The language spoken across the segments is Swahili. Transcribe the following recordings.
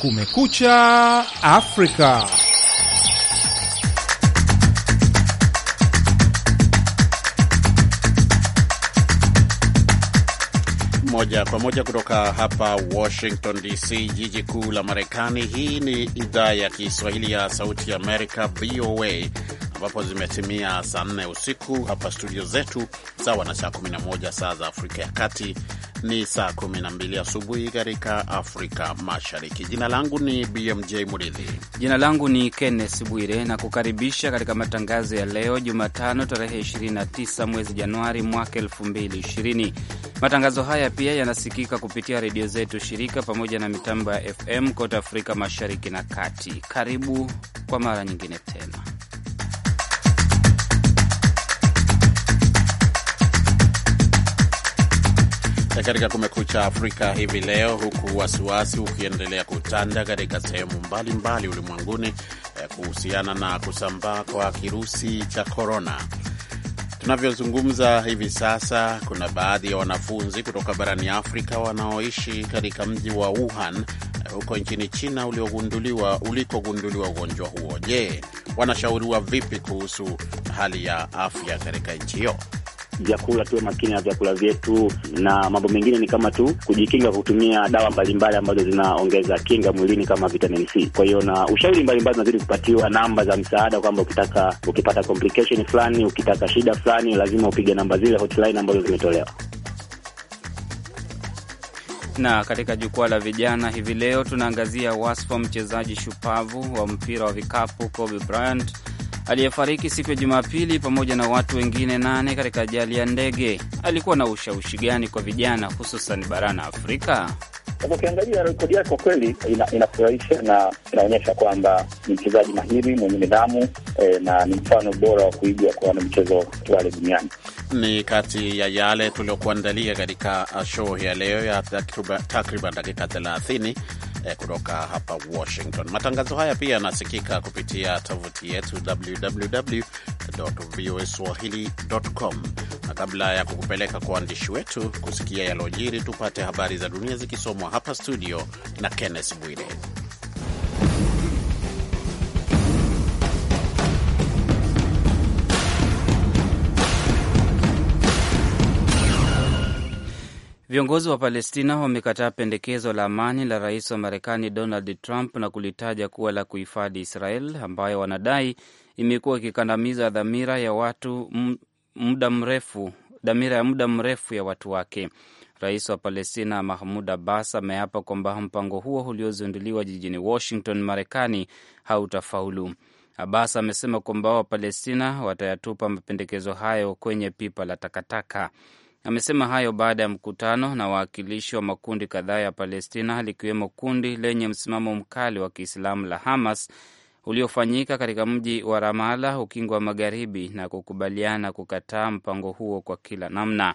Kumekucha Afrika. Moja kwa moja kutoka hapa Washington DC, jiji kuu la Marekani. Hii ni idhaa ya Kiswahili ya Sauti ya Amerika, VOA, ambapo zimetimia saa nne usiku hapa studio zetu, sawa na saa 11 saa za Afrika ya Kati ni saa mbili asubuhi katika Afrika Mashariki. Jina langu ni BMJ Muridhi. Jina langu ni kennes Bwire na kukaribisha katika matangazo ya leo Jumatano, tarehe 29 mwezi Januari mwaka 2020. Matangazo haya pia yanasikika kupitia redio zetu shirika pamoja na mitambo ya FM kote Afrika Mashariki na Kati. Karibu kwa mara nyingine tena. katika Kumekucha Afrika hivi leo, huku wasiwasi ukiendelea kutanda katika sehemu mbalimbali ulimwenguni eh, kuhusiana na kusambaa kwa kirusi cha korona. Tunavyozungumza hivi sasa, kuna baadhi ya wanafunzi kutoka barani Afrika wanaoishi katika mji wa Wuhan eh, huko nchini China uliogunduliwa ulikogunduliwa ugonjwa huo. Je, wanashauriwa vipi kuhusu hali ya afya katika nchi hiyo? vyakula, tuwe makini na vyakula vyetu, na mambo mengine ni kama tu kujikinga kutumia dawa mbalimbali ambazo zinaongeza kinga mwilini kama vitamin C. Kwa hiyo na ushauri mbalimbali unazidi kupatiwa namba za msaada, kwamba ukitaka ukipata complication fulani, ukitaka shida fulani, lazima upige namba zile hotline ambazo zimetolewa na katika jukwaa la vijana hivi leo tunaangazia wasfa mchezaji shupavu wa mpira wa vikapu Kobe Bryant aliyefariki siku ya Jumapili pamoja na watu wengine nane katika ajali ya ndege. Alikuwa na ushawishi gani kwa vijana hususan barani Afrika? Ukiangalia rekodi yake kwa kweli ina, inafurahisha na inaonyesha kwamba ni mchezaji mahiri mwenye nidhamu e, na ni mfano bora wa kuigwa kwa wanamchezo wale duniani. Ni kati ya yale tuliokuandalia katika show ya leo ya takriban dakika thelathini eh, kutoka hapa Washington. Matangazo haya pia yanasikika kupitia tovuti yetu www www.voaswahili.com, na kabla ya kukupeleka kwa waandishi wetu kusikia yalojiri, tupate habari za dunia zikisomwa hapa studio na Kenneth Bwire. Viongozi wa Palestina wamekataa pendekezo la amani la rais wa Marekani Donald Trump na kulitaja kuwa la kuhifadhi Israel ambayo wanadai imekuwa ikikandamiza dhamira ya watu muda mrefu, dhamira ya muda mrefu ya watu wake. Rais wa Palestina Mahmud Abbas ameapa kwamba mpango huo uliozinduliwa jijini Washington, Marekani, hautafaulu. Abbas amesema kwamba Wapalestina watayatupa mapendekezo hayo kwenye pipa la takataka. Amesema hayo baada ya mkutano na wawakilishi wa makundi kadhaa ya Palestina likiwemo kundi lenye msimamo mkali wa Kiislamu la Hamas uliofanyika katika mji wa Ramala, ukingo wa Magharibi, na kukubaliana kukataa mpango huo kwa kila namna.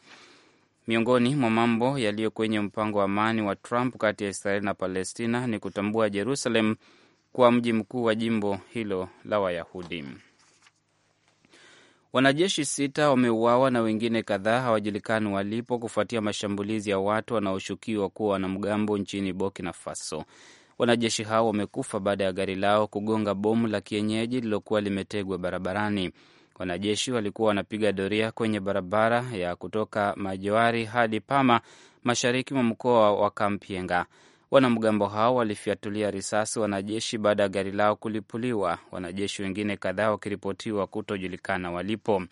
Miongoni mwa mambo yaliyo kwenye mpango wa amani wa Trump kati ya Israeli na Palestina ni kutambua Jerusalem kuwa mji mkuu wa jimbo hilo la Wayahudi. Wanajeshi sita wameuawa na wengine kadhaa hawajulikani walipo kufuatia mashambulizi ya watu wanaoshukiwa kuwa wanamgambo nchini Burkina Faso. Wanajeshi hao wamekufa baada ya gari lao kugonga bomu la kienyeji lililokuwa limetegwa barabarani. Wanajeshi walikuwa wanapiga doria kwenye barabara ya kutoka Majoari hadi Pama, mashariki mwa mkoa wa Kampienga. Wanamgambo hao walifyatulia risasi wanajeshi baada ya gari lao kulipuliwa, wanajeshi wengine kadhaa wakiripotiwa kutojulikana walipo.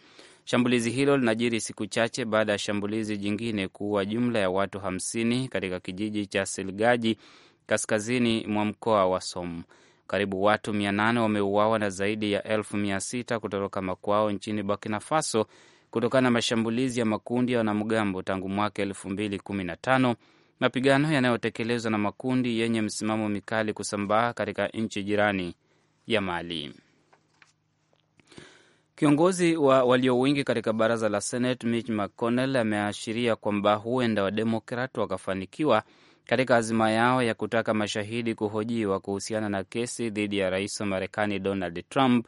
Shambulizi hilo linajiri siku chache baada ya shambulizi jingine kuua jumla ya watu hamsini katika kijiji cha Silgaji kaskazini mwa mkoa wa Som. Karibu watu mia nane wameuawa na zaidi ya elfu mia sita kutoroka makwao nchini Burkina Faso kutokana na mashambulizi ya makundi ya wanamgambo tangu mwaka elfu mbili kumi na tano mapigano yanayotekelezwa na makundi yenye msimamo mikali kusambaa katika nchi jirani ya Mali. Kiongozi wa walio wengi katika baraza la Senate Mitch McConnell ameashiria kwamba huenda Wademokrat wakafanikiwa katika azima yao ya kutaka mashahidi kuhojiwa kuhusiana na kesi dhidi ya rais wa Marekani Donald Trump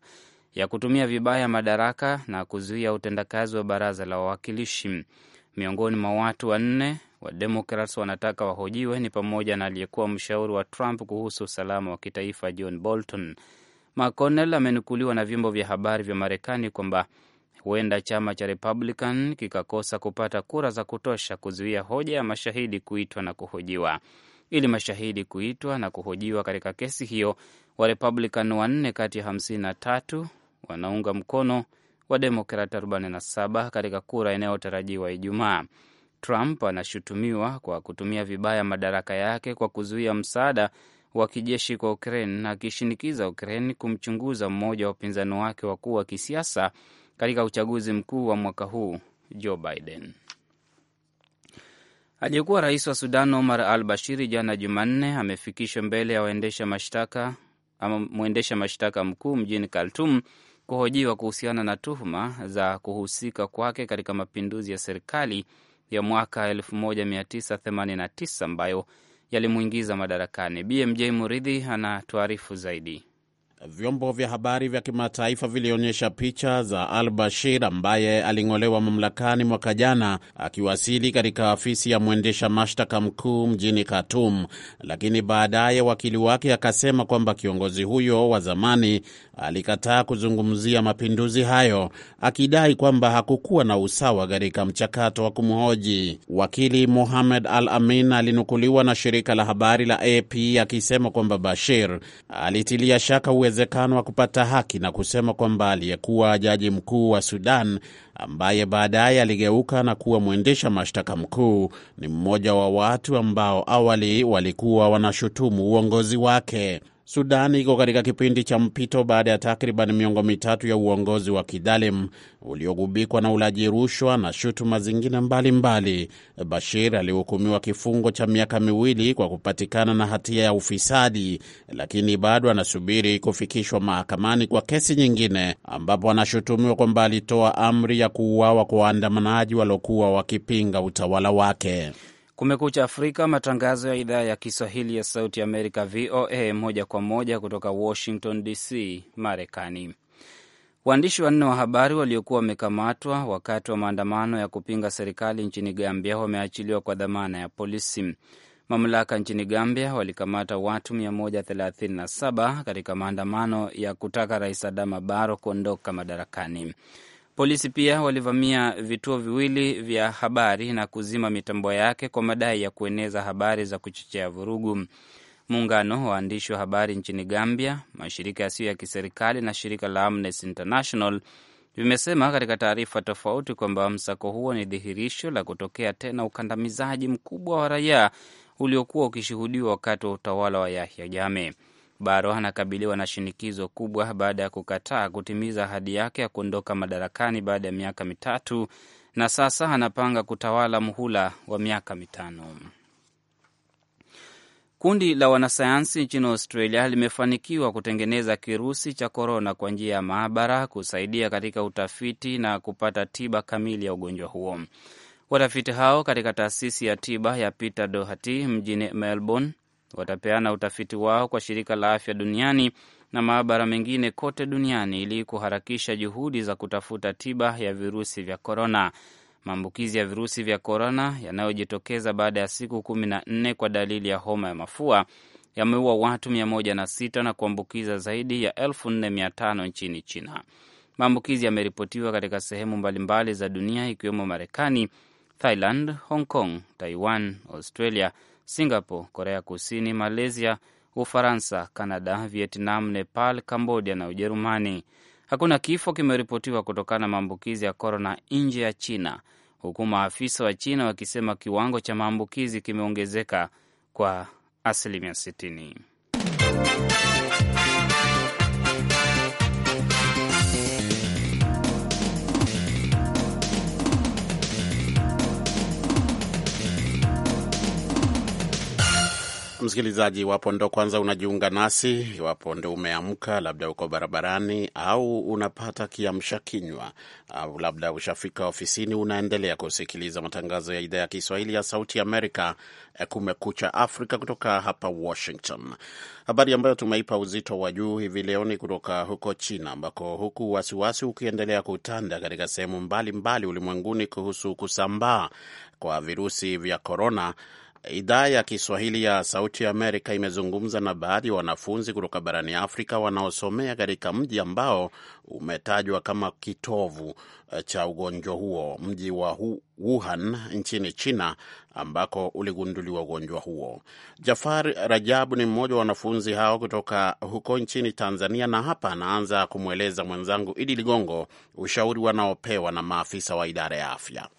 ya kutumia vibaya madaraka na kuzuia utendakazi wa baraza la wawakilishi. Miongoni mwa watu wanne Wademokrats wanataka wahojiwe ni pamoja na aliyekuwa mshauri wa Trump kuhusu usalama wa kitaifa John Bolton. McConnell amenukuliwa na vyombo vya habari vya Marekani kwamba huenda chama cha Republican kikakosa kupata kura za kutosha kuzuia hoja ya mashahidi kuitwa na kuhojiwa. Ili mashahidi kuitwa na kuhojiwa katika kesi hiyo, Warepublican wanne kati ya 53 wanaunga mkono Wademokrat 47 katika kura inayotarajiwa Ijumaa. Trump anashutumiwa kwa kutumia vibaya madaraka yake kwa kuzuia msaada wa kijeshi kwa Ukraine, akishinikiza Ukraine kumchunguza mmoja wa upinzani wake wakuu wa kisiasa katika uchaguzi mkuu wa mwaka huu, Joe Biden. Aliyekuwa rais wa Sudan Omar al Bashiri jana Jumanne amefikishwa mbele ya waendesha mashtaka ama mwendesha mashtaka mkuu mjini kaltum kuhojiwa kuhusiana na tuhuma za kuhusika kwake katika mapinduzi ya serikali ya mwaka 1989 ambayo yalimwingiza madarakani. BMJ Muridhi anatuarifu zaidi vyombo vya habari vya kimataifa vilionyesha picha za Al Bashir ambaye aling'olewa mamlakani mwaka jana akiwasili katika afisi ya mwendesha mashtaka mkuu mjini Khartoum, lakini baadaye wakili wake akasema kwamba kiongozi huyo wa zamani alikataa kuzungumzia mapinduzi hayo, akidai kwamba hakukuwa na usawa katika mchakato wa kumhoji. Wakili Mohamed Al Amin alinukuliwa na shirika la habari la AP akisema kwamba Bashir alitilia shaka uwezekano wa kupata haki na kusema kwamba aliyekuwa jaji mkuu wa Sudan ambaye baadaye aligeuka na kuwa mwendesha mashtaka mkuu ni mmoja wa watu ambao awali walikuwa wanashutumu uongozi wake. Sudan iko katika kipindi cha mpito baada ya takriban miongo mitatu ya uongozi wa kidhalimu uliogubikwa na ulaji rushwa na shutuma zingine mbalimbali. Bashir alihukumiwa kifungo cha miaka miwili kwa kupatikana na hatia ya ufisadi, lakini bado anasubiri kufikishwa mahakamani kwa kesi nyingine, ambapo anashutumiwa kwamba alitoa amri ya kuuawa kwa waandamanaji waliokuwa wakipinga utawala wake. Kumekucha Afrika, matangazo ya idhaa ya Kiswahili ya Sauti Amerika, VOA, moja kwa moja kutoka Washington DC, Marekani. Waandishi wanne wa habari waliokuwa wamekamatwa wakati wa maandamano ya kupinga serikali nchini Gambia wameachiliwa kwa dhamana ya polisi. Mamlaka nchini Gambia walikamata watu 137 katika maandamano ya kutaka Rais Adama Barrow kuondoka madarakani. Polisi pia walivamia vituo viwili vya habari na kuzima mitambo yake kwa madai ya kueneza habari za kuchochea vurugu. Muungano wa waandishi wa habari nchini Gambia, mashirika yasiyo ya kiserikali na shirika la Amnesty International vimesema katika taarifa tofauti kwamba msako huo ni dhihirisho la kutokea tena ukandamizaji mkubwa wa raia uliokuwa ukishuhudiwa wakati wa utawala wa Yahya Jammeh baro anakabiliwa na shinikizo kubwa baada ya kukataa kutimiza ahadi yake ya kuondoka madarakani baada ya miaka mitatu na sasa anapanga kutawala mhula wa miaka mitano. Kundi la wanasayansi nchini Australia limefanikiwa kutengeneza kirusi cha korona kwa njia ya maabara kusaidia katika utafiti na kupata tiba kamili ya ugonjwa huo. Watafiti hao katika taasisi ya tiba ya Peter Doherty mjini Melbourne watapeana utafiti wao kwa shirika la afya duniani na maabara mengine kote duniani ili kuharakisha juhudi za kutafuta tiba ya virusi vya korona. Maambukizi ya virusi vya korona yanayojitokeza baada ya siku kumi na nne kwa dalili ya homa ya mafua yameua watu 106 na kuambukiza zaidi ya 4500 nchini China. Maambukizi yameripotiwa katika sehemu mbalimbali za dunia ikiwemo Marekani, Thailand, Hong Kong, Taiwan, Australia, Singapore, Korea Kusini, Malaysia, Ufaransa, Kanada, Vietnam, Nepal, Kambodia na Ujerumani. Hakuna kifo kimeripotiwa kutokana na maambukizi ya korona nje ya China, huku maafisa wa China wakisema kiwango cha maambukizi kimeongezeka kwa asilimia 60. msikilizaji, iwapo ndo kwanza unajiunga nasi, iwapo ndo umeamka, labda uko barabarani au unapata kiamsha kinywa au labda ushafika ofisini, unaendelea kusikiliza matangazo ya idhaa ya Kiswahili ya Sauti Amerika, eh, Kumekucha Afrika, kutoka hapa Washington. Habari ambayo tumeipa uzito wa juu hivi leo ni kutoka huko China, ambako huku wasiwasi ukiendelea kutanda katika sehemu mbalimbali ulimwenguni kuhusu kusambaa kwa virusi vya korona Idhaa ya Kiswahili ya Sauti ya Amerika imezungumza na baadhi ya wanafunzi kutoka barani Afrika wanaosomea katika mji ambao umetajwa kama kitovu eh, cha ugonjwa huo, mji wa Wuhan nchini China, ambako uligunduliwa ugonjwa huo. Jafar Rajabu ni mmoja wa wanafunzi hao kutoka huko nchini Tanzania, na hapa anaanza kumweleza mwenzangu Idi Ligongo ushauri wanaopewa na maafisa wa idara ya afya.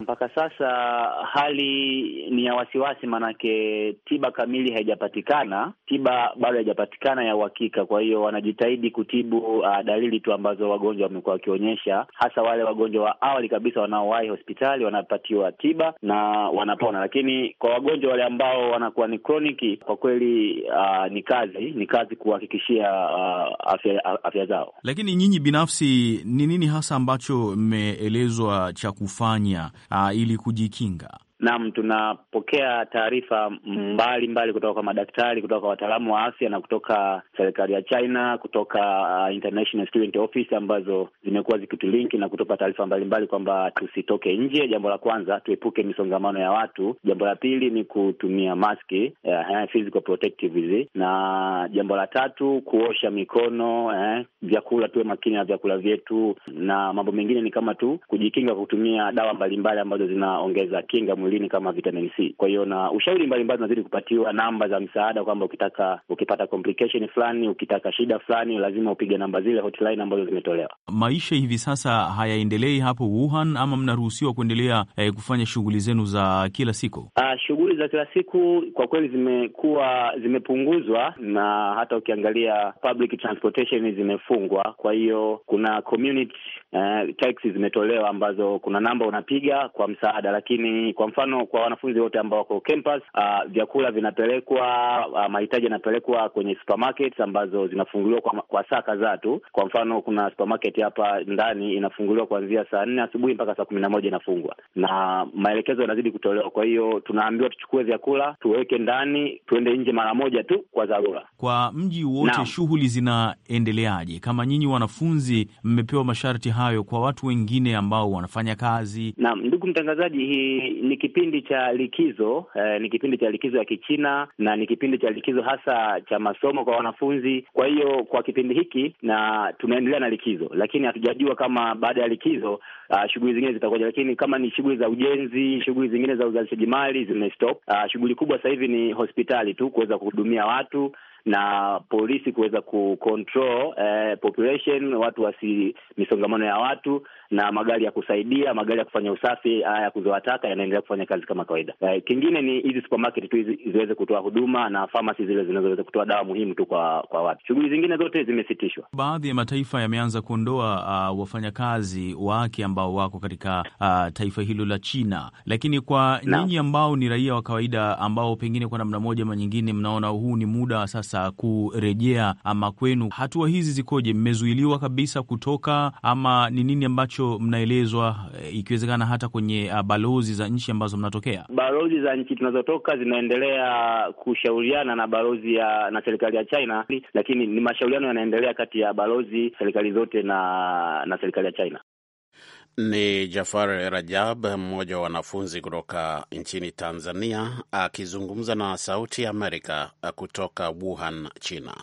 Mpaka sasa hali ni ya wasiwasi, maanake tiba kamili haijapatikana, tiba bado haijapatikana ya uhakika. Kwa hiyo wanajitahidi kutibu uh, dalili tu ambazo wagonjwa wamekuwa wakionyesha, hasa wale wagonjwa wa awali kabisa wanaowahi hospitali wanapatiwa tiba na wanapona, lakini kwa wagonjwa wale ambao wanakuwa ni kroniki, kwa kweli uh, ni kazi, ni kazi kuhakikishia uh, afya, afya zao. Lakini nyinyi binafsi, ni nini hasa ambacho mmeelezwa cha kufanya? uh, ili kujikinga. Naam, tunapokea taarifa mbalimbali kutoka kwa madaktari, kutoka kwa wataalamu wa afya na kutoka serikali ya China, kutoka uh, International Student Office ambazo zimekuwa zikitulinki na kutupa taarifa mbalimbali kwamba tusitoke nje. Jambo la kwanza, tuepuke misongamano ya watu. Jambo la pili ni kutumia maski, uh, eh, physical protective hizi, na jambo la tatu kuosha mikono eh, vyakula, tuwe makini na vyakula vyetu, na mambo mengine ni kama tu kujikinga kwa kutumia dawa mbalimbali ambazo zinaongeza kinga mwili mwilini kama vitamin C. Kwa hiyo na ushauri mbalimbali unazidi kupatiwa namba za msaada, kwamba ukitaka ukipata complication fulani, ukitaka shida fulani, lazima upige namba zile hotline ambazo zimetolewa. Maisha hivi sasa hayaendelei hapo Wuhan ama mnaruhusiwa kuendelea eh, kufanya shughuli zenu za kila siku? Uh, shughuli za kila siku kwa kweli zimekuwa zimepunguzwa, na hata ukiangalia public transportation zimefungwa. Kwa hiyo kuna community uh, taxi zimetolewa ambazo kuna namba unapiga kwa msaada, lakini kwa mfano mfano kwa wanafunzi wote ambao wako campus, uh, vyakula vinapelekwa, uh, mahitaji yanapelekwa kwenye supermarket ambazo zinafunguliwa kwa, kwa saa kadhaa tu. Kwa mfano kuna supermarket hapa ndani inafunguliwa kuanzia saa nne asubuhi mpaka saa kumi na moja inafungwa, na maelekezo yanazidi kutolewa. Kwa hiyo tunaambiwa tuchukue vyakula tuweke ndani, tuende nje mara moja tu kwa dharura. Kwa mji wote shughuli zinaendeleaje? Kama nyinyi wanafunzi mmepewa masharti hayo, kwa watu wengine ambao wanafanya kazi? Naam, ndugu mtangazaji, hii ni kipindi cha likizo eh, ni kipindi cha likizo ya Kichina na ni kipindi cha likizo hasa cha masomo kwa wanafunzi. Kwa hiyo kwa kipindi hiki na tunaendelea na likizo, lakini hatujajua kama baada ya likizo uh, shughuli zingine zitakuja, lakini kama ni shughuli za ujenzi, shughuli zingine za uzalishaji mali zimestop. Uh, ah, shughuli kubwa sasa hivi ni hospitali tu kuweza kuhudumia watu na polisi kuweza control eh, population watu wasi misongamano ya watu na magari ya kusaidia magari ya kufanya usafi haya ya kuzoa taka yanaendelea kufanya kazi kama kawaida. Eh, kingine ni hizi supermarket tu ziweze kutoa huduma na pharmacy zile zinazoweza kutoa dawa muhimu tu kwa kwa watu. Shughuli zingine zote zimesitishwa. Baadhi ya mataifa yameanza kuondoa uh, wafanyakazi wake ambao wako katika uh, taifa hilo la China, lakini kwa nyinyi ambao ni raia wa kawaida ambao pengine kwa namna moja ama nyingine mnaona huu ni muda sasa sasa kurejea ama kwenu, hatua hizi zikoje? Mmezuiliwa kabisa kutoka ama ni nini ambacho mnaelezwa, eh, ikiwezekana hata kwenye eh, balozi za nchi ambazo mnatokea? Balozi za nchi tunazotoka zinaendelea kushauriana na balozi ya na serikali ya China, lakini ni mashauriano yanaendelea kati ya balozi, serikali zote na na serikali ya China. Ni Jafar Rajab, mmoja wa wanafunzi kutoka nchini Tanzania, akizungumza na Sauti ya Amerika kutoka Wuhan, China.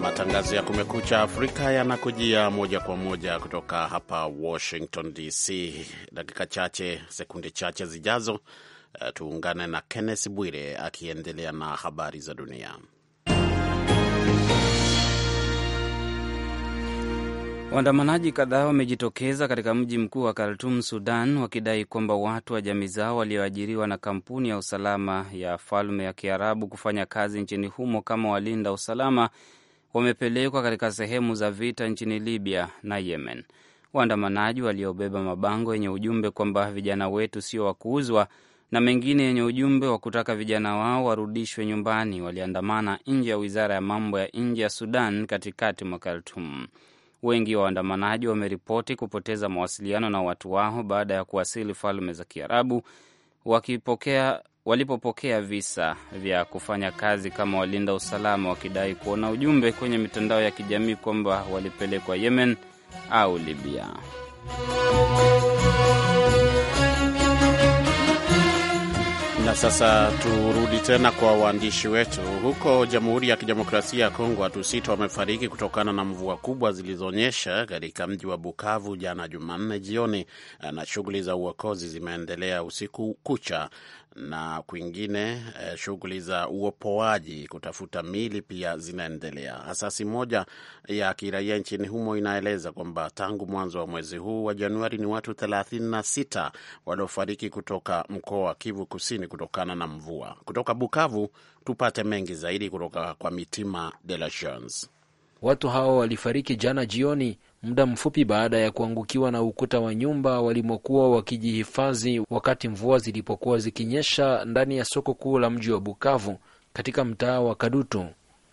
Matangazo ya Kumekucha Afrika yanakujia moja kwa moja kutoka hapa Washington DC. Dakika chache, sekunde chache zijazo, eh, tuungane na Kenneth Bwire akiendelea na habari za dunia. Waandamanaji kadhaa wamejitokeza katika mji mkuu wa Khartum, Sudan, wakidai kwamba watu wa jamii zao walioajiriwa na kampuni ya usalama ya Falme ya Kiarabu kufanya kazi nchini humo kama walinda usalama wamepelekwa katika sehemu za vita nchini Libya na Yemen. Waandamanaji waliobeba mabango yenye ujumbe kwamba vijana wetu sio wa kuuzwa na mengine yenye ujumbe wa kutaka vijana wao warudishwe nyumbani waliandamana nje ya wizara ya mambo ya nje ya Sudan katikati mwa Khartum. Wengi wa waandamanaji wameripoti kupoteza mawasiliano na watu wao baada ya kuwasili Falme za Kiarabu wakipokea walipopokea visa vya kufanya kazi kama walinda usalama, wakidai kuona ujumbe kwenye mitandao ya kijamii kwamba walipelekwa Yemen au Libya. sasa turudi tena kwa waandishi wetu huko Jamhuri ya Kidemokrasia ya Kongo. Watu sita wamefariki kutokana na mvua kubwa zilizonyesha katika mji wa Bukavu jana Jumanne jioni, na shughuli za uokozi zimeendelea usiku kucha na kwingine eh, shughuli za uopoaji kutafuta mili pia zinaendelea. Asasi moja ya kiraia nchini humo inaeleza kwamba tangu mwanzo wa mwezi huu wa Januari ni watu 36 waliofariki kutoka mkoa wa Kivu Kusini kutokana na mvua. Kutoka Bukavu tupate mengi zaidi kutoka kwa Mitima de la Chance. Watu hao walifariki jana jioni muda mfupi baada ya kuangukiwa na ukuta wa nyumba walimokuwa wakijihifadhi wakati mvua zilipokuwa zikinyesha ndani ya soko kuu la mji wa Bukavu katika mtaa wa Kadutu.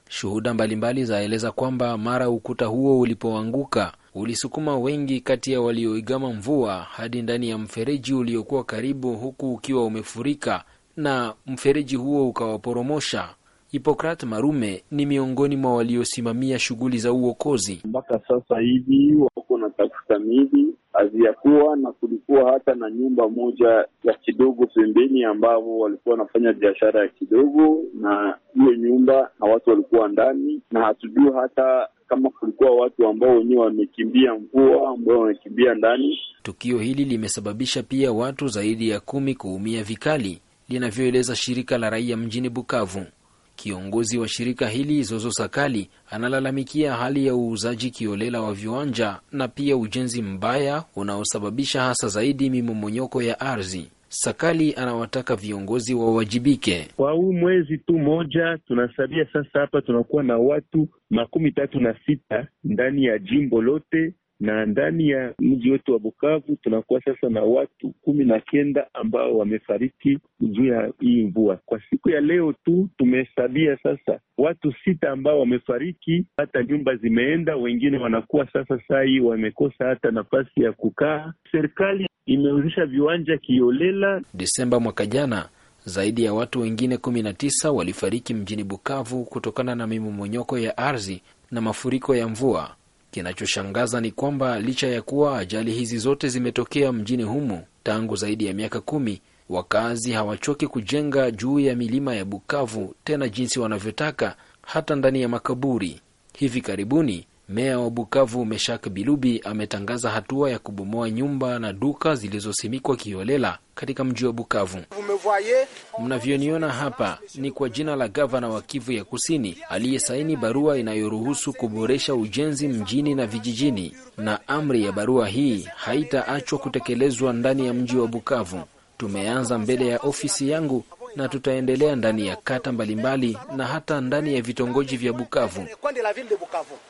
Shuhuda mbalimbali zaeleza kwamba mara ukuta huo ulipoanguka ulisukuma wengi kati ya walioigama mvua hadi ndani ya mfereji uliokuwa karibu, huku ukiwa umefurika na mfereji huo ukawaporomosha. Hipokrat Marume ni miongoni mwa waliosimamia shughuli za uokozi. Mpaka sasa hivi wako na tafuta mili haziyakuwa, na kulikuwa hata na nyumba moja ya kidogo pembeni, ambavyo walikuwa wanafanya biashara ya kidogo na hiyo nyumba, na watu walikuwa ndani, na hatujui hata kama kulikuwa watu ambao wenyewe wamekimbia mvua, ambao wamekimbia ndani. Tukio hili limesababisha pia watu zaidi ya kumi kuumia vikali, linavyoeleza shirika la raia mjini Bukavu. Kiongozi wa shirika hili Zozo Sakali analalamikia hali ya uuzaji kiolela wa viwanja na pia ujenzi mbaya unaosababisha hasa zaidi mimomonyoko ya ardhi. Sakali anawataka viongozi wawajibike. Kwa huu mwezi tu moja tunasabia sasa, hapa tunakuwa na watu makumi tatu na sita ndani ya jimbo lote na ndani ya mji wetu wa Bukavu tunakuwa sasa na watu kumi na kenda ambao wamefariki juu ya hii mvua. Kwa siku ya leo tu tumehesabia sasa watu sita ambao wamefariki, hata nyumba zimeenda, wengine wanakuwa sasa saa hii wamekosa hata nafasi ya kukaa. Serikali imeuzisha viwanja kiolela. Desemba mwaka jana zaidi ya watu wengine kumi na tisa walifariki mjini Bukavu kutokana na mimomonyoko ya ardhi na mafuriko ya mvua. Kinachoshangaza ni kwamba licha ya kuwa ajali hizi zote zimetokea mjini humo tangu zaidi ya miaka kumi, wakazi hawachoki kujenga juu ya milima ya Bukavu tena jinsi wanavyotaka, hata ndani ya makaburi. Hivi karibuni Meya wa Bukavu Meshak Bilubi ametangaza hatua ya kubomoa nyumba na duka zilizosimikwa kiholela katika mji wa Bukavu. Mnavyoniona hapa ni kwa jina la gavana wa Kivu ya Kusini aliyesaini barua inayoruhusu kuboresha ujenzi mjini na vijijini, na amri ya barua hii haitaachwa kutekelezwa ndani ya mji wa Bukavu. Tumeanza mbele ya ofisi yangu na tutaendelea ndani ya kata mbalimbali na hata ndani ya vitongoji vya Bukavu.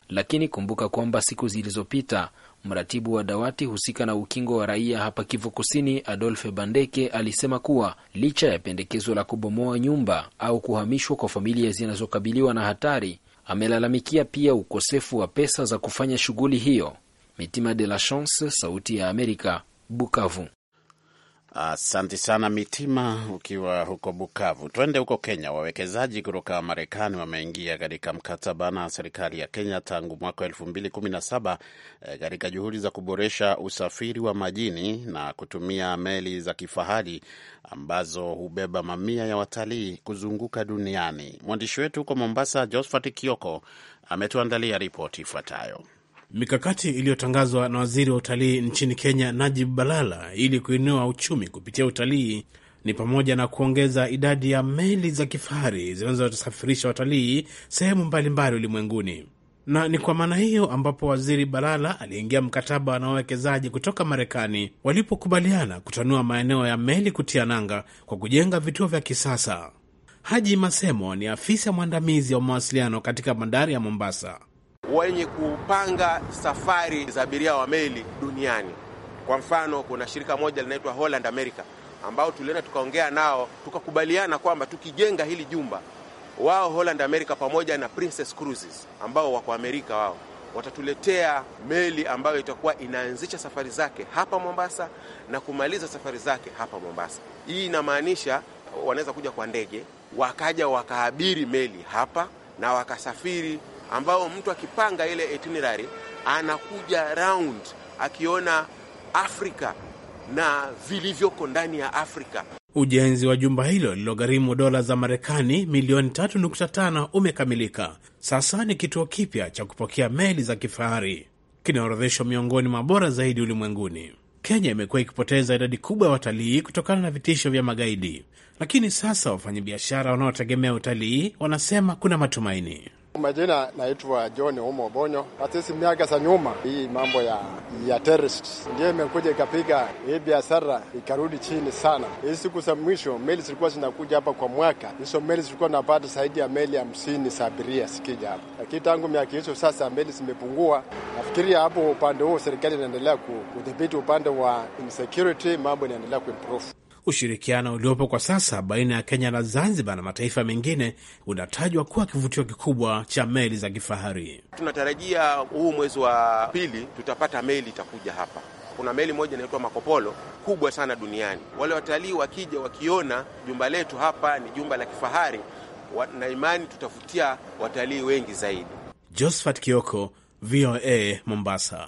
Lakini kumbuka kwamba siku zilizopita mratibu wa dawati husika na ukingo wa raia hapa Kivu Kusini, adolfe Bandeke, alisema kuwa licha ya pendekezo la kubomoa nyumba au kuhamishwa kwa familia zinazokabiliwa na hatari, amelalamikia pia ukosefu wa pesa za kufanya shughuli hiyo. Mitima de la Chance, Sauti ya Amerika, Bukavu. Asante uh, sana Mitima, ukiwa huko Bukavu. Twende huko Kenya. Wawekezaji kutoka Marekani wameingia katika mkataba na serikali ya Kenya tangu mwaka elfu mbili kumi na saba eh, katika juhudi za kuboresha usafiri wa majini na kutumia meli za kifahari ambazo hubeba mamia ya watalii kuzunguka duniani. Mwandishi wetu huko Mombasa, Josphat Kioko, ametuandalia ripoti ifuatayo mikakati iliyotangazwa na waziri wa utalii nchini Kenya, Najib Balala, ili kuinua uchumi kupitia utalii ni pamoja na kuongeza idadi ya meli za kifahari zinazosafirisha watalii sehemu mbalimbali ulimwenguni. Na ni kwa maana hiyo ambapo waziri Balala aliingia mkataba na wawekezaji kutoka Marekani walipokubaliana kutanua maeneo ya meli kutia nanga kwa kujenga vituo vya kisasa. Haji Masemo ni afisa mwandamizi wa mawasiliano katika bandari ya Mombasa wenye kupanga safari za abiria wa meli duniani. Kwa mfano, kuna shirika moja linaitwa Holland America ambao tulienda tukaongea nao tukakubaliana kwamba tukijenga hili jumba, wao Holland America pamoja na Princess Cruises ambao wako Amerika, wao watatuletea meli ambayo itakuwa inaanzisha safari zake hapa Mombasa na kumaliza safari zake hapa Mombasa. Hii inamaanisha wanaweza kuja kwa ndege, wakaja wakaabiri meli hapa na wakasafiri ambao mtu akipanga ile itinerary anakuja round akiona Afrika na vilivyoko ndani ya Afrika. Ujenzi wa jumba hilo lililogharimu dola za Marekani milioni 3.5 umekamilika. Sasa ni kituo kipya cha kupokea meli za kifahari, kinaorodheshwa miongoni mwa bora zaidi ulimwenguni. Kenya imekuwa ikipoteza idadi kubwa ya watalii kutokana na vitisho vya magaidi, lakini sasa wafanyabiashara wanaotegemea utalii wanasema kuna matumaini. Majina naitwa John Umo Bonyo. Sisi miaka za nyuma, hii mambo ya ya terrorist ndio imekuja ikapiga hii biashara ikarudi chini sana. Hii siku za mwisho meli zilikuwa zinakuja hapa kwa mwaka, hizo meli zilikuwa napata zaidi ya meli hamsini za abiria sikija hapa, lakini tangu miaka hizo sasa meli zimepungua. Nafikiria hapo upande huo serikali inaendelea kudhibiti upande wa insecurity, mambo inaendelea kuimprove. Ushirikiano uliopo kwa sasa baina ya Kenya na Zanzibar na mataifa mengine unatajwa kuwa kivutio kikubwa cha meli za kifahari. Tunatarajia huu mwezi wa pili tutapata meli itakuja hapa. Kuna meli moja inaitwa Makopolo, kubwa sana duniani. Wale watalii wakija, wakiona jumba letu hapa ni jumba la kifahari, na imani tutavutia watalii wengi zaidi. Josephat Kioko, VOA, Mombasa.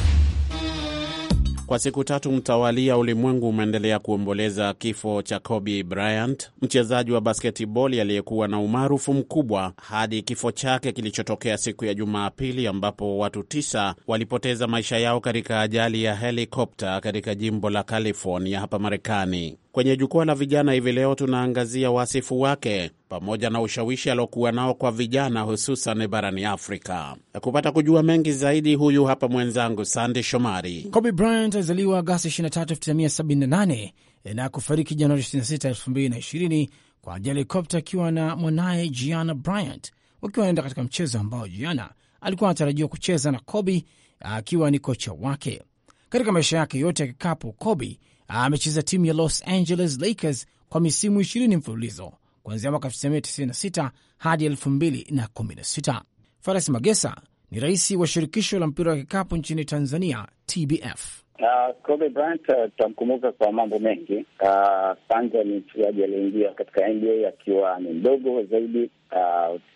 Kwa siku tatu mtawalia, ulimwengu umeendelea kuomboleza kifo cha Kobe Bryant, mchezaji wa basketiboli aliyekuwa na umaarufu mkubwa hadi kifo chake kilichotokea siku ya Jumapili, ambapo watu tisa walipoteza maisha yao katika ajali ya helikopta katika jimbo la California hapa Marekani. Kwenye jukwaa la vijana hivi leo tunaangazia wasifu wake pamoja na ushawishi aliokuwa nao kwa vijana hususan barani Afrika. Kupata kujua mengi zaidi, huyu hapa mwenzangu Sande Shomari. Kobe Bryant alizaliwa Agasti 23, 1978 na kufariki Januari 26, 2020 kwa ajali helikopta akiwa na mwanaye Gianna Bryant wakiwa wanaenda katika mchezo ambao Gianna alikuwa anatarajiwa kucheza na Kobe akiwa ni kocha wake. Katika maisha yake yote ya kikapu, Kobe amecheza timu ya Los Angeles Lakers kwa misimu 20 mfululizo kuanzia mwaka 1996 hadi 2016. faras Magesa ni rais wa shirikisho la mpira wa kikapu nchini Tanzania, TBF. Uh, ah, Kobe Bryant ah, tutamkumbuka uh, kwa mambo mengi. Ah, kwanza uh, ni mchezaji aliyeingia katika NBA akiwa ni mdogo zaidi.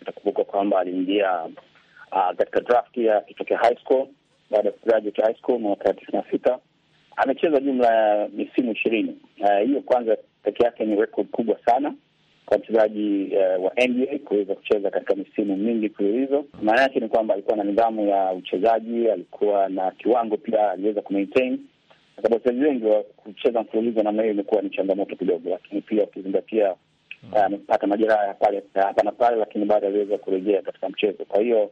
Utakumbuka uh, kwamba aliingia uh, katika draft ya kitokea high school baada ya kugraduate high school mwaka tisini na sita amecheza jumla ya misimu ishirini. Hiyo uh, kwanza peke yake ni rekodi kubwa sana kwa mchezaji uh, eh, wa NBA kuweza kucheza katika misimu mingi fululizo Maana yake ni kwamba alikuwa na nidhamu ya uchezaji, alikuwa na kiwango pia, aliweza ku kwa sababu wachezaji wengi wa kucheza mfululizo namna hiyo imekuwa ni changamoto kidogo, lakini pia ukizingatia mm. eh, amepata uh, majeraha ya pale hapa na pale, lakini bado aliweza kurejea katika mchezo, kwa hiyo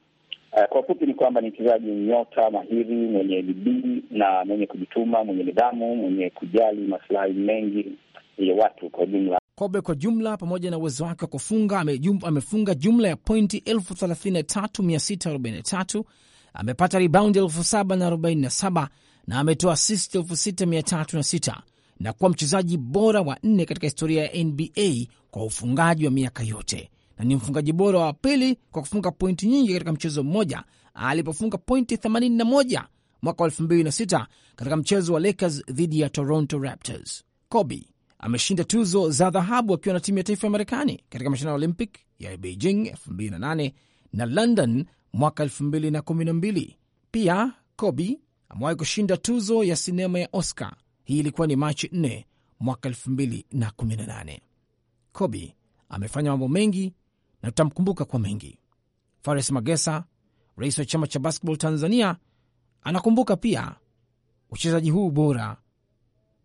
Uh, kwa ufupi ni kwamba ni mchezaji nyota mahiri, mwenye bidii na mwenye kujituma, mwenye nidhamu, mwenye kujali masilahi mengi ya watu kwa jumla. Kobe kwa jumla, pamoja na uwezo wake wa kufunga, amefunga jumla ya pointi elfu thelathini tatu mia sita arobaini tatu amepata rebound elfu saba na arobaini na saba na ametoa assist elfu sita mia tatu na sita na kuwa mchezaji bora wa nne katika historia ya NBA kwa ufungaji wa miaka yote na ni mfungaji bora wa pili kwa kufunga pointi nyingi katika mchezo mmoja alipofunga pointi 81 mwaka 2006 katika mchezo wa Lakers dhidi ya Toronto Raptors. Kobe ameshinda tuzo za dhahabu akiwa na timu ya taifa ya Marekani katika mashindano ya Olympic ya Beijing 2008 na London mwaka 2012. Pia Kobe amewahi kushinda tuzo ya sinema ya Oscar. Hii ilikuwa ni Machi 4 mwaka 2018. Kobe amefanya mambo mengi na tutamkumbuka kwa mengi. Fares Magesa, rais wa chama cha basketball Tanzania, anakumbuka pia uchezaji huu bora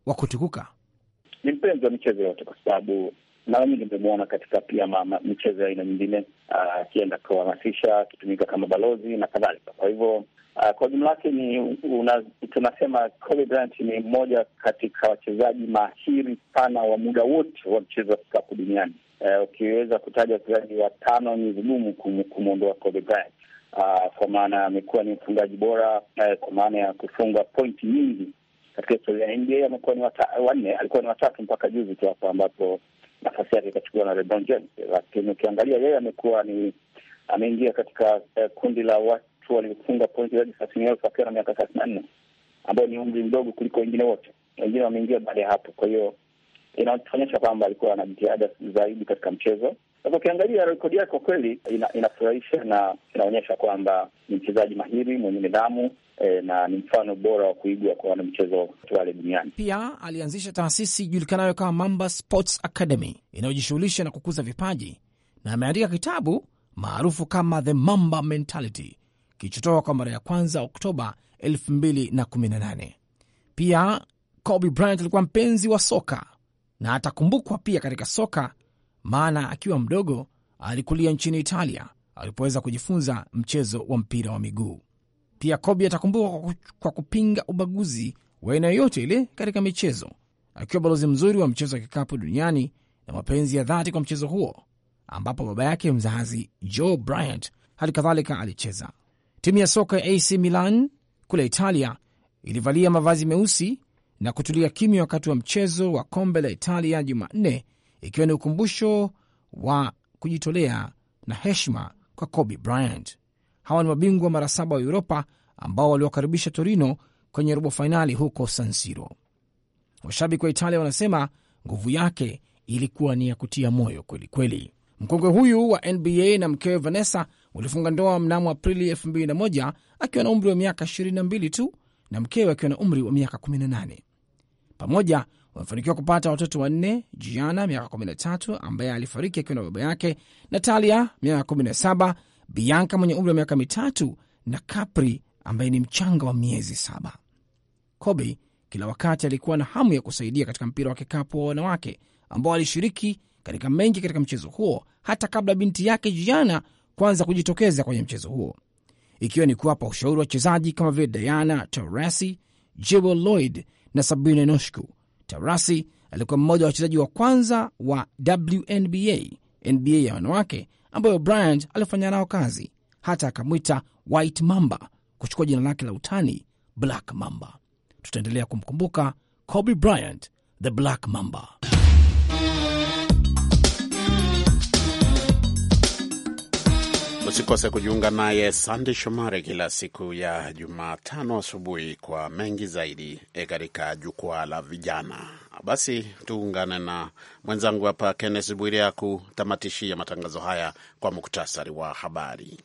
wa kutukuka. Ni mpenzi wa michezo yote kwa sababu mara nyingi nimemwona katika pia michezo ya aina nyingine ah, akienda kuhamasisha, akitumika kama balozi na kadhalika. Kwa hivyo ah, kwa jumla yake ni tunasema Kobe Bryant ni mmoja katika wachezaji mahiri sana wa muda wote wa mchezo wa kikapu duniani. Eh, ukiweza uh, kutaja wachezaji watano ni vigumu kumwondoa Kobe Bryant uh, kwa maana amekuwa ni mfungaji bora uh, kwa maana ya kufunga pointi nyingi katika historia ya NBA. Amekuwa ni wanne, alikuwa ni watatu mpaka juzi tu hapo ambapo nafasi yake ikachukuliwa na LeBron James. Lakini ukiangalia yeye amekuwa ni ameingia katika uh, kundi la watu waliofunga pointi zaidi thelathini elfu akiwa na miaka thelathini na nne ambayo ni umri mdogo kuliko wengine wote. Wengine wameingia baada ya hapo, kwa hiyo inaonyesha kwamba alikuwa na jitihada zaidi katika mchezo. Sasa ukiangalia rekodi yake kwa kweli ina, inafurahisha na inaonyesha kwamba ni mchezaji mahiri mwenye nidhamu e, na ni mfano bora wa kuigwa kwa wanamchezo wale duniani. Pia alianzisha taasisi ijulikanayo kama Mamba Sports Academy inayojishughulisha na kukuza vipaji na ameandika kitabu maarufu kama The Mamba Mentality kilichotoka kwa mara ya kwanza Oktoba 2018. Pia Kobe Bryant alikuwa mpenzi wa soka na atakumbukwa pia katika soka, maana akiwa mdogo alikulia nchini Italia alipoweza kujifunza mchezo wa mpira wa miguu. Pia Kobe atakumbukwa kwa kupinga ubaguzi wa aina yoyote ile katika michezo, akiwa balozi mzuri wa mchezo wa kikapu duniani na mapenzi ya dhati kwa mchezo huo, ambapo baba yake mzazi Joe Bryant hali kadhalika alicheza. Timu ya soka ya AC Milan kule Italia ilivalia mavazi meusi na kutulia kimya wakati wa mchezo wa kombe la Italia Jumanne, ikiwa ni ukumbusho wa kujitolea na heshima kwa Kobe Bryant. Hawa ni mabingwa mara saba wa Uropa ambao waliwakaribisha Torino kwenye robo fainali huko San Siro. Washabiki wa Italia wanasema nguvu yake ilikuwa ni ya kutia moyo kwelikweli. Mkongwe huyu wa NBA na mkewe Vanessa walifunga ndoa mnamo Aprili 2001 akiwa na umri wa miaka 22 tu na mkewe akiwa na umri wa miaka 18. Pamoja wamefanikiwa kupata watoto wanne: Jiana miaka 13 ambaye alifariki akiwa na baba yake, Natalia miaka 17, Bianka mwenye umri wa miaka mitatu na Kapri ambaye ni mchanga wa miezi saba. Kobe kila wakati alikuwa na hamu ya kusaidia katika mpira wa kikapu wa wanawake ambao alishiriki katika mengi katika mchezo huo hata kabla binti yake Jiana kwanza kujitokeza kwenye mchezo huo, ikiwa ni kuwapa ushauri wa wachezaji kama vile Diana Taurasi, Jewel Lloyd na Sabina Noshku. Taurasi alikuwa mmoja wa wachezaji wa kwanza wa WNBA, NBA ya wanawake, ambayo Bryant alifanya nao kazi, hata akamwita White Mamba kuchukua jina lake la utani Black Mamba. Tutaendelea kumkumbuka Kobe Bryant, the Black Mamba. Usikose kujiunga naye Sande Shomari kila siku ya Jumatano asubuhi kwa mengi zaidi eh, katika jukwaa la vijana. Basi tuungane na mwenzangu hapa Kennes Bwire kutamatishia matangazo haya kwa muktasari wa habari.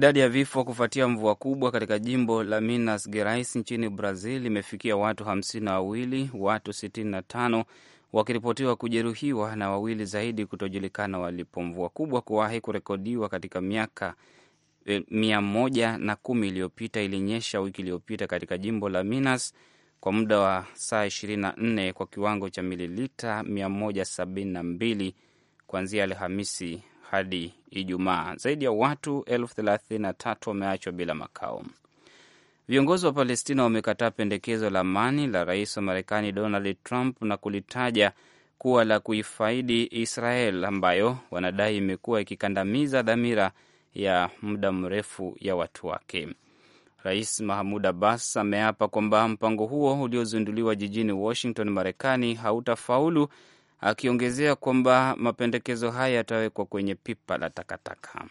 Idadi ya vifo kufuatia mvua kubwa katika jimbo la Minas Gerais nchini Brazil imefikia watu hamsini na wawili, watu sitini na tano wakiripotiwa kujeruhiwa na wawili zaidi kutojulikana walipo. Mvua kubwa kuwahi kurekodiwa katika miaka eh, mia moja na kumi iliyopita ilinyesha wiki iliyopita katika jimbo la Minas kwa muda wa saa 24 kwa kiwango cha mililita 172 kuanzia Alhamisi hadi Ijumaa. Zaidi ya watu elfu thelathini na tatu wameachwa bila makao. Viongozi wa Palestina wamekataa pendekezo la amani la rais wa Marekani Donald Trump na kulitaja kuwa la kuifaidi Israel, ambayo wanadai imekuwa ikikandamiza dhamira ya muda mrefu ya watu wake. Rais Mahmud Abbas ameapa kwamba mpango huo uliozinduliwa jijini Washington, Marekani, hautafaulu akiongezea kwamba mapendekezo haya yatawekwa kwenye pipa la takataka.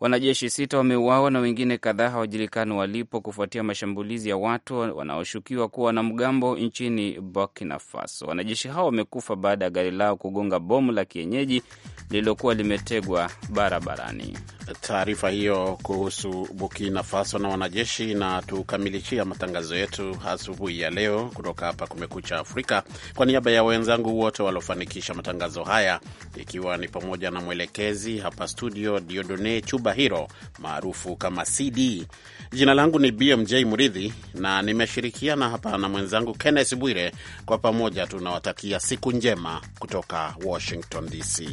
Wanajeshi sita wameuawa na wengine kadhaa hawajulikani walipo kufuatia mashambulizi ya watu wanaoshukiwa kuwa wanamgambo nchini Burkina Faso. Wanajeshi hao wamekufa baada ya gari lao kugonga bomu la kienyeji lililokuwa limetegwa barabarani. Taarifa hiyo kuhusu Burkina Faso na wanajeshi tukamilishia matangazo yetu asubuhi ya leo kutoka hapa Kumekucha Afrika. Kwa niaba ya wenzangu wote waliofanikisha matangazo haya, ikiwa ni pamoja na mwelekezi hapa studio Diodone Chuba Super maarufu kama CD. Jina langu ni BMJ Muridhi na nimeshirikiana hapa na mwenzangu Kenneth Bwire. Kwa pamoja tunawatakia siku njema kutoka Washington DC.